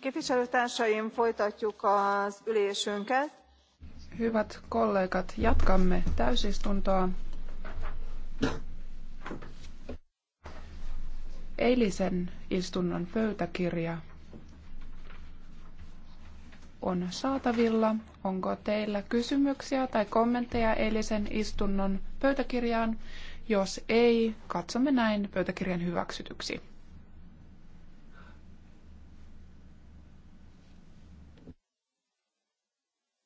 képviselőtársaim folytatjuk az ülésünket. Hyvät kollegat, jatkamme täysistuntoa. Eilisen istunnon pöytäkirja on saatavilla. Onko teillä kysymyksiä tai kommentteja eilisen istunnon pöytäkirjaan? Jos ei, katsomme näin pöytäkirjan hyväksytyksi.